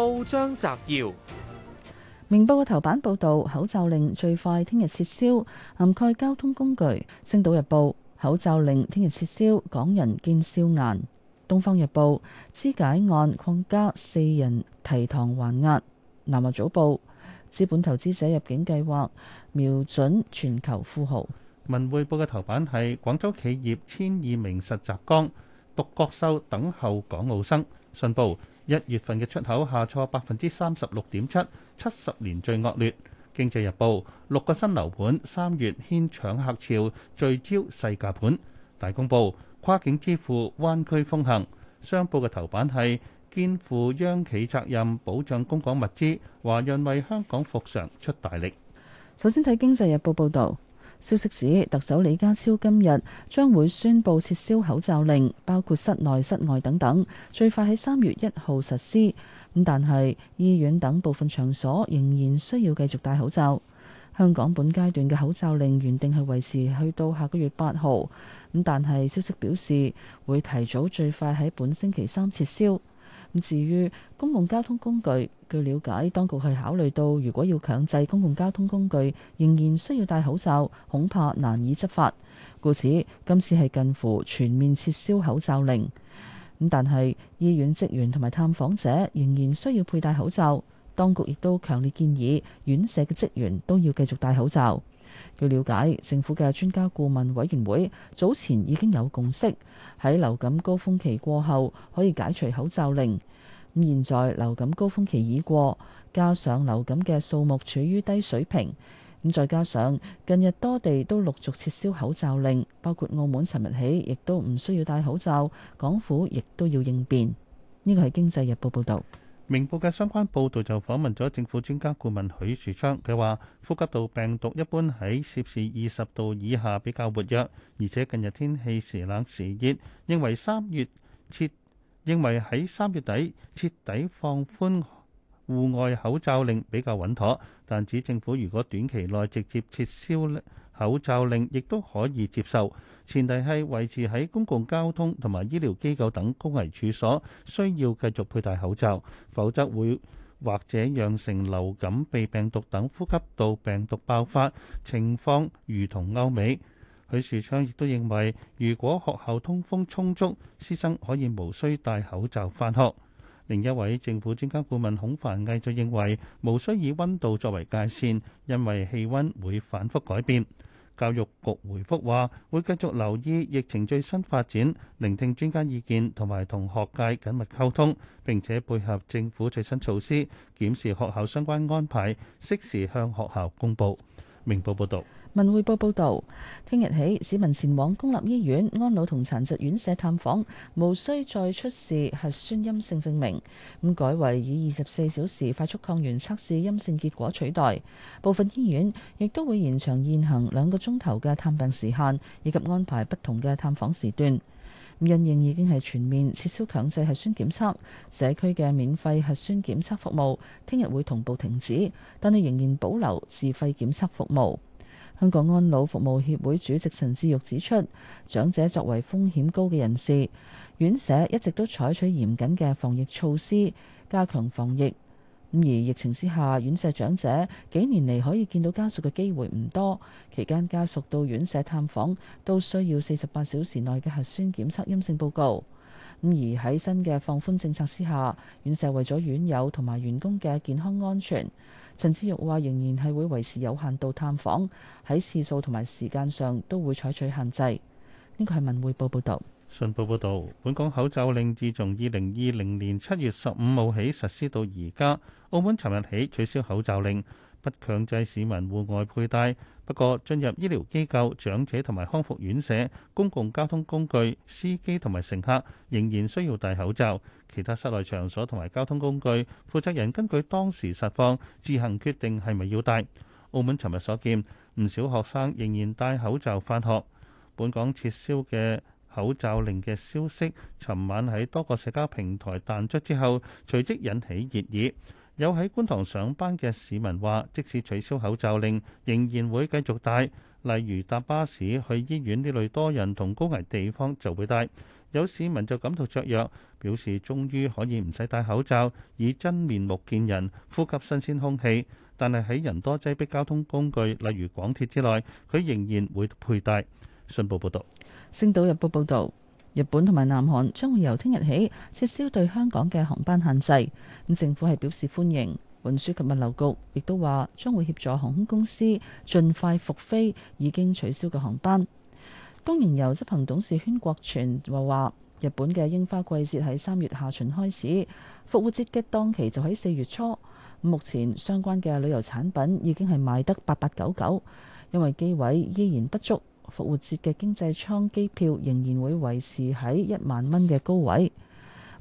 報章摘要：明報嘅頭版報道口罩令最快聽日撤銷，涵蓋交通工具。星島日報：口罩令聽日撤銷，港人見笑顏。東方日報：肢解案擴加四人提堂還押。南華早報：資本投資者入境計劃瞄準全球富豪。文匯報嘅頭版係廣州企業千二名實習崗獨角獸等候港澳生。信報。一月份嘅出口下挫百分之三十六點七，七十年最惡劣。經濟日報，六個新樓盤三月掀搶客潮，聚焦細價盤。大公報，跨境支付灣區風行。商報嘅頭版係肩負央企責任，保障供港物資，華潤為香港復常出大力。首先睇經濟日報報道。消息指，特首李家超今日將會宣布撤銷口罩令，包括室內、室外等等，最快喺三月一號實施。咁但係醫院等部分場所仍然需要繼續戴口罩。香港本階段嘅口罩令原定係維持去到下個月八號，咁但係消息表示會提早，最快喺本星期三撤銷。至於公共交通工具，據了解，當局係考慮到如果要強制公共交通工具仍然需要戴口罩，恐怕難以執法，故此今次係近乎全面撤銷口罩令。咁但係醫院職員同埋探訪者仍然需要佩戴口罩，當局亦都強烈建議院舍嘅職員都要繼續戴口罩。據了解，政府嘅專家顧問委員會早前已經有共識，喺流感高峰期過後可以解除口罩令。咁現在流感高峰期已過，加上流感嘅數目處於低水平，咁再加上近日多地都陸續撤銷口罩令，包括澳門尋日起亦都唔需要戴口罩，港府亦都要應變。呢個係《經濟日報》報道。明報嘅相關報導就訪問咗政府專家顧問許樹昌，佢話：呼吸道病毒一般喺攝氏二十度以下比較活躍，而且近日天氣時冷時熱，認為三月徹，認為喺三月底徹底放寬戶外口罩令比較穩妥，但指政府如果短期內直接撤銷呢。口罩令亦都可以接受，前提係維持喺公共交通同埋醫療機構等高危處所需要繼續佩戴口罩，否則會或者釀成流感、鼻病毒等呼吸道病毒爆發情況，如同歐美。許樹昌亦都認為，如果學校通風充足，師生可以無需戴口罩返學。另一位政府專家顧問孔繁毅就認為，無需以温度作為界線，因為氣温會反覆改變。教育局回覆話，會繼續留意疫情最新發展，聆聽專家意見，同埋同學界緊密溝通，並且配合政府最新措施，檢視學校相關安排，適時向學校公佈。明報報導。文匯報報道，聽日起，市民前往公立醫院、安老同殘疾院舍探訪，無需再出示核酸陰性證明，咁改為以二十四小時快速抗原測試陰性結果取代。部分醫院亦都會延長現行兩個鐘頭嘅探病時限，以及安排不同嘅探訪時段。因應已經係全面撤銷強制核酸檢測，社區嘅免費核酸檢測服務聽日會同步停止，但係仍然保留自費檢測服務。香港安老服務協會主席陳志育指出，長者作為風險高嘅人士，院舍一直都採取嚴謹嘅防疫措施，加強防疫。咁而疫情之下，院舍長者幾年嚟可以見到家屬嘅機會唔多，期間家屬到院舍探訪都需要四十八小時內嘅核酸檢測陰性報告。咁而喺新嘅放寬政策之下，院舍為咗院友同埋員工嘅健康安全。陳志玉話：仍然係會維持有限度探訪，喺次數同埋時間上都會採取限制。呢個係文匯報報導。信報報導，本港口罩令自從二零二零年七月十五號起實施到而家，澳門尋日起取消口罩令，不強制市民戶外佩戴。不過，進入醫療機構、長者同埋康復院舍、公共交通工具、司機同埋乘客仍然需要戴口罩。其他室內場所同埋交通工具，負責人根據當時實況自行決定係咪要戴。澳門尋日所見，唔少學生仍然戴口罩返學。本港撤銷嘅口罩令嘅消息，尋晚喺多個社交平台彈出之後，隨即引起熱議。有喺觀塘上班嘅市民話：即使取消口罩令，仍然會繼續戴。例如搭巴士去醫院呢類多人同高危地方就會戴。有市民就感到雀躍，表示終於可以唔使戴口罩，以真面目見人，呼吸新鮮空氣。但係喺人多擠迫交通工具，例如港鐵之內，佢仍然會佩戴。信報報導，《星島日報，報道》報導。日本同埋南韓將會由聽日起撤銷對香港嘅航班限制，咁政府係表示歡迎。運輸及物流局亦都話將會協助航空公司盡快復飛已經取消嘅航班。東瀛遊執行董事禤國全話：話日本嘅櫻花季節喺三月下旬開始，復活節嘅當期就喺四月初。目前相關嘅旅遊產品已經係賣得八八九九，因為機位依然不足。復活節嘅經濟艙機票仍然會維持喺一萬蚊嘅高位。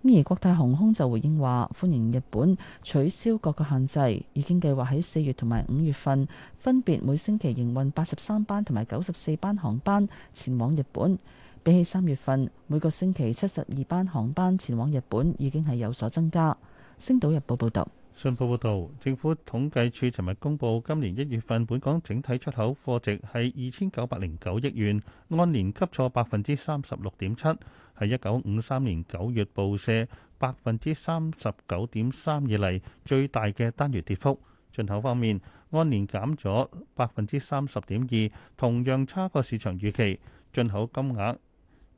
而國泰航空就回應話，歡迎日本取消各個限制，已經計劃喺四月同埋五月份分別每星期營運八十三班同埋九十四班航班前往日本。比起三月份每個星期七十二班航班前往日本，已經係有所增加。星島日報報道。信報報道，政府統計處尋日公佈，今年一月份本港整體出口貨值係二千九百零九億元，按年急挫百分之三十六點七，係一九五三年九月暴瀉百分之三十九點三以嚟最大嘅單月跌幅。進口方面，按年減咗百分之三十點二，同樣差過市場預期，進口金額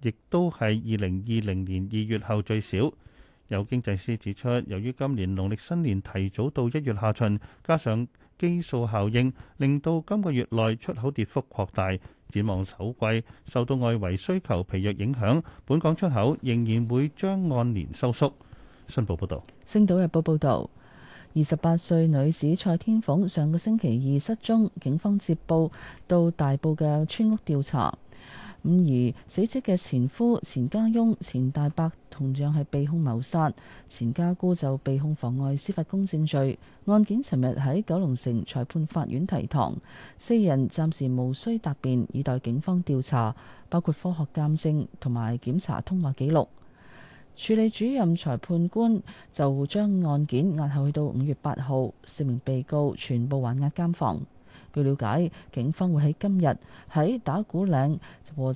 亦都係二零二零年二月後最少。有經濟師指出，由於今年農曆新年提早到一月下旬，加上基數效應，令到今個月內出口跌幅擴大。展望首季受到外圍需求疲弱影響，本港出口仍然會將按年收縮。新報報導，《星島日報》報導，二十八歲女子蔡天鳳上個星期二失蹤，警方接報到大埔嘅村屋調查。咁而死者嘅前夫、前家翁、前大伯同樣係被控謀殺，前家姑就被控妨礙司法公正罪。案件尋日喺九龍城裁判法院提堂，四人暫時無需答辯以待警方調查，包括科學鑑證同埋檢查通話記錄。處理主任裁判官就將案件押後去到五月八號，四名被告全部還押監房。據了解，警方會喺今日喺打鼓嶺和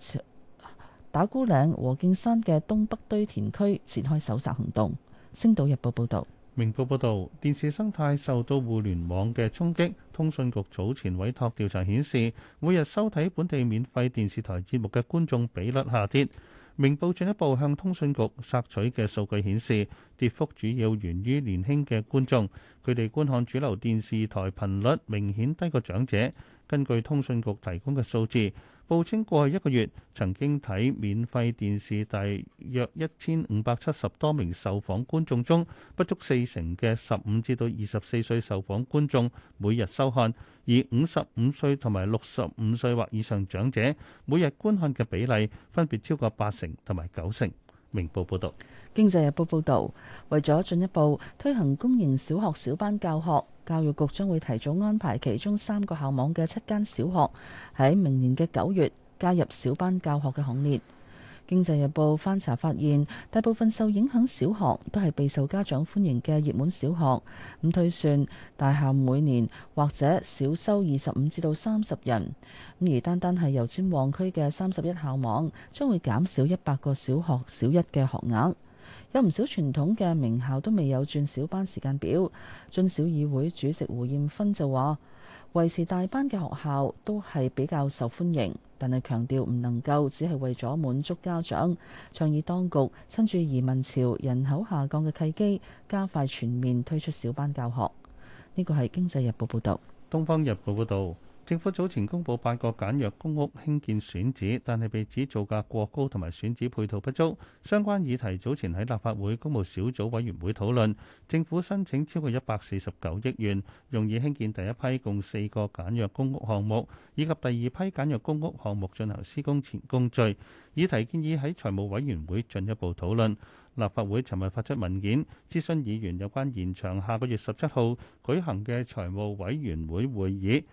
打鼓嶺和徑山嘅東北堆填區展開搜查行動。星島日報報道：「明報報道，電視生態受到互聯網嘅衝擊。通訊局早前委託調查顯示，每日收睇本地免費電視台節目嘅觀眾比率下跌。明報進一步向通訊局索取嘅數據顯示，跌幅主要源於年輕嘅觀眾，佢哋觀看主流電視台頻率明顯低過長者。根據通訊局提供嘅數字，報稱過去一個月曾經睇免費電視，大約一千五百七十多名受訪觀眾中，不足四成嘅十五至到二十四歲受訪觀眾每日收看，以五十五歲同埋六十五歲或以上長者每日觀看嘅比例分別超過八成同埋九成。明報報導，《經濟日報》報道，為咗進一步推行公營小學小班教學，教育局將會提早安排其中三個校網嘅七間小學喺明年嘅九月加入小班教學嘅行列。經濟日報翻查發現，大部分受影響小學都係備受家長歡迎嘅熱門小學。咁推算，大校每年或者少收二十五至到三十人。咁而單單係油尖旺區嘅三十一校網，將會減少一百個小學小一嘅學額。有唔少傳統嘅名校都未有轉小班時間表。津小議會主席胡艷芬就話：維持大班嘅學校都係比較受歡迎，但係強調唔能夠只係為咗滿足家長，倡議當局趁住移民潮、人口下降嘅契機，加快全面推出小班教學。呢、這個係《經濟日報》報道，《東方日報》報道。政府早前公布八個簡約公屋興建選址，但係被指造價過高同埋選址配套不足。相關議題早前喺立法會公務小組委員會討論。政府申請超過一百四十九億元用以興建第一批共四個簡約公屋項目，以及第二批簡約公屋項目進行施工前工序。議題建議喺財務委員會進一步討論。立法會尋日發出文件諮詢議員有關延長下個月十七號舉行嘅財務委員會會議。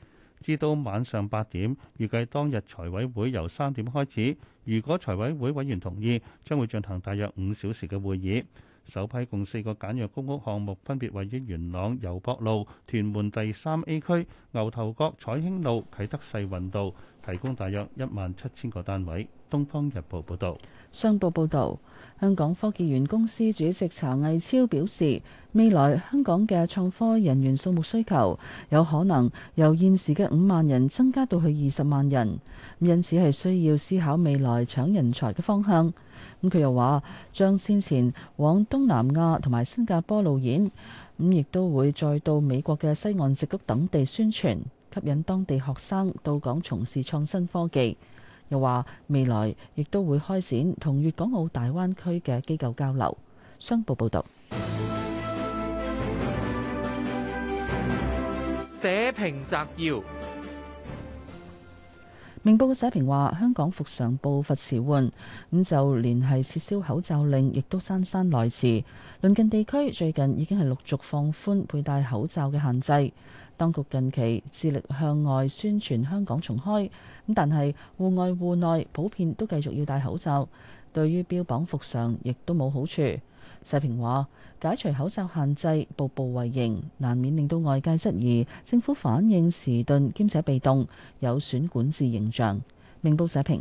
至到晚上八點，預計當日財委會由三點開始。如果財委會委員同意，將會進行大約五小時嘅會議，首批共四個簡約公屋項目，分別位於元朗油博路、屯門第三 A 區、牛頭角彩興路、啟德世運道，提供大約一萬七千個單位。《東方日報》報導，商報報導，香港科技園公司主席查毅超表示，未來香港嘅創科人員數目需求有可能由現時嘅五萬人增加到去二十萬人，因此係需要思考未來搶人才嘅方向。咁、嗯、佢又話，將先前往東南亞同埋新加坡路演，咁、嗯、亦都會再到美國嘅西岸硅谷等地宣傳，吸引當地學生到港從事創新科技。又話未來亦都會開展同粵港澳大灣區嘅機構交流。商報報道。社評摘要：明報社評話，香港復常步伐遲緩，咁就連係撤銷口罩令，亦都姍姍來遲。鄰近地區最近已經係陸續放寬佩戴口罩嘅限制。當局近期致力向外宣傳香港重開，咁但係戶外戶內普遍都繼續要戴口罩，對於標榜復常亦都冇好處。社評話：解除口罩限制，步步為營，難免令到外界質疑政府反應遲鈍兼且被動，有損管治形象。明報社評。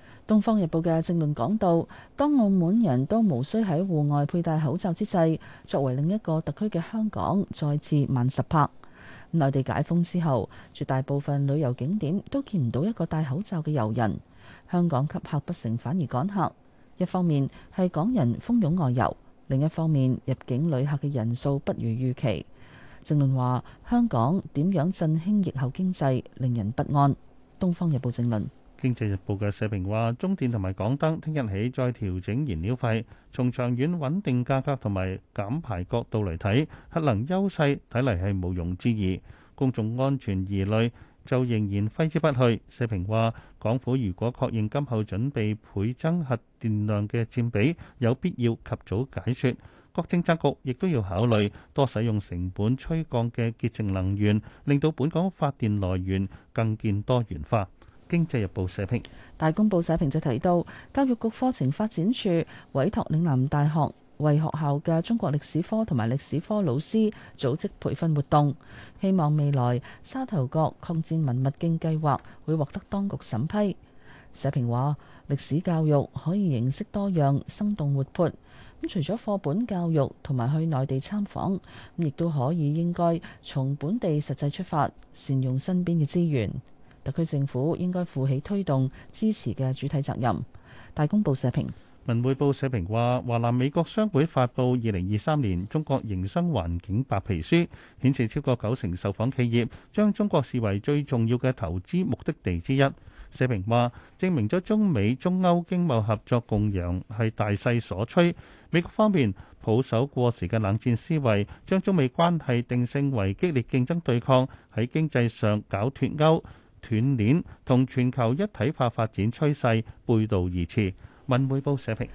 《東方日報》嘅正論講到，當澳門人都無需喺戶外佩戴口罩之際，作為另一個特區嘅香港再次慢十拍。內地解封之後，絕大部分旅遊景點都見唔到一個戴口罩嘅遊人。香港吸客不成，反而趕客。一方面係港人蜂擁外遊，另一方面入境旅客嘅人數不如預期。正論話：香港點樣振興疫後經濟，令人不安。《東方日報》正論。經濟日報嘅社評話：中電同埋港燈聽日起再調整燃料費，從長遠穩定價格同埋減排角度嚟睇，核能優勢睇嚟係毋庸置疑。公眾安全疑慮就仍然揮之不去。社評話，港府如果確認今後準備倍增核電量嘅佔比，有必要及早解決。各政策局亦都要考慮多使用成本趨降嘅潔淨能源，令到本港發電來源更見多元化。《經濟日報》社評，《大公報》社評就提到，教育局課程發展處委託嶺南大學為學校嘅中國歷史科同埋歷史科老師組織培訓活動，希望未來沙頭角抗戰文物徑計劃會獲得當局審批。社評話：歷史教育可以形式多樣、生動活潑。咁除咗課本教育同埋去內地參訪，咁亦都可以應該從本地實際出發，善用身邊嘅資源。特區政府應該負起推動支持嘅主體責任。大公報社評。文匯報社評話，華南美國商會發布《二零二三年中國營商環境白皮書》，顯示超過九成受訪企業將中國視為最重要嘅投資目的地之一。社評話，證明咗中美中歐經貿合作共贏係大勢所趨。美國方面抱守過時嘅冷戰思維，將中美關係定性為激烈競爭對抗，喺經濟上搞脫鈎。斷鏈同全球一體化發展趨勢背道而馳。文匯報社評。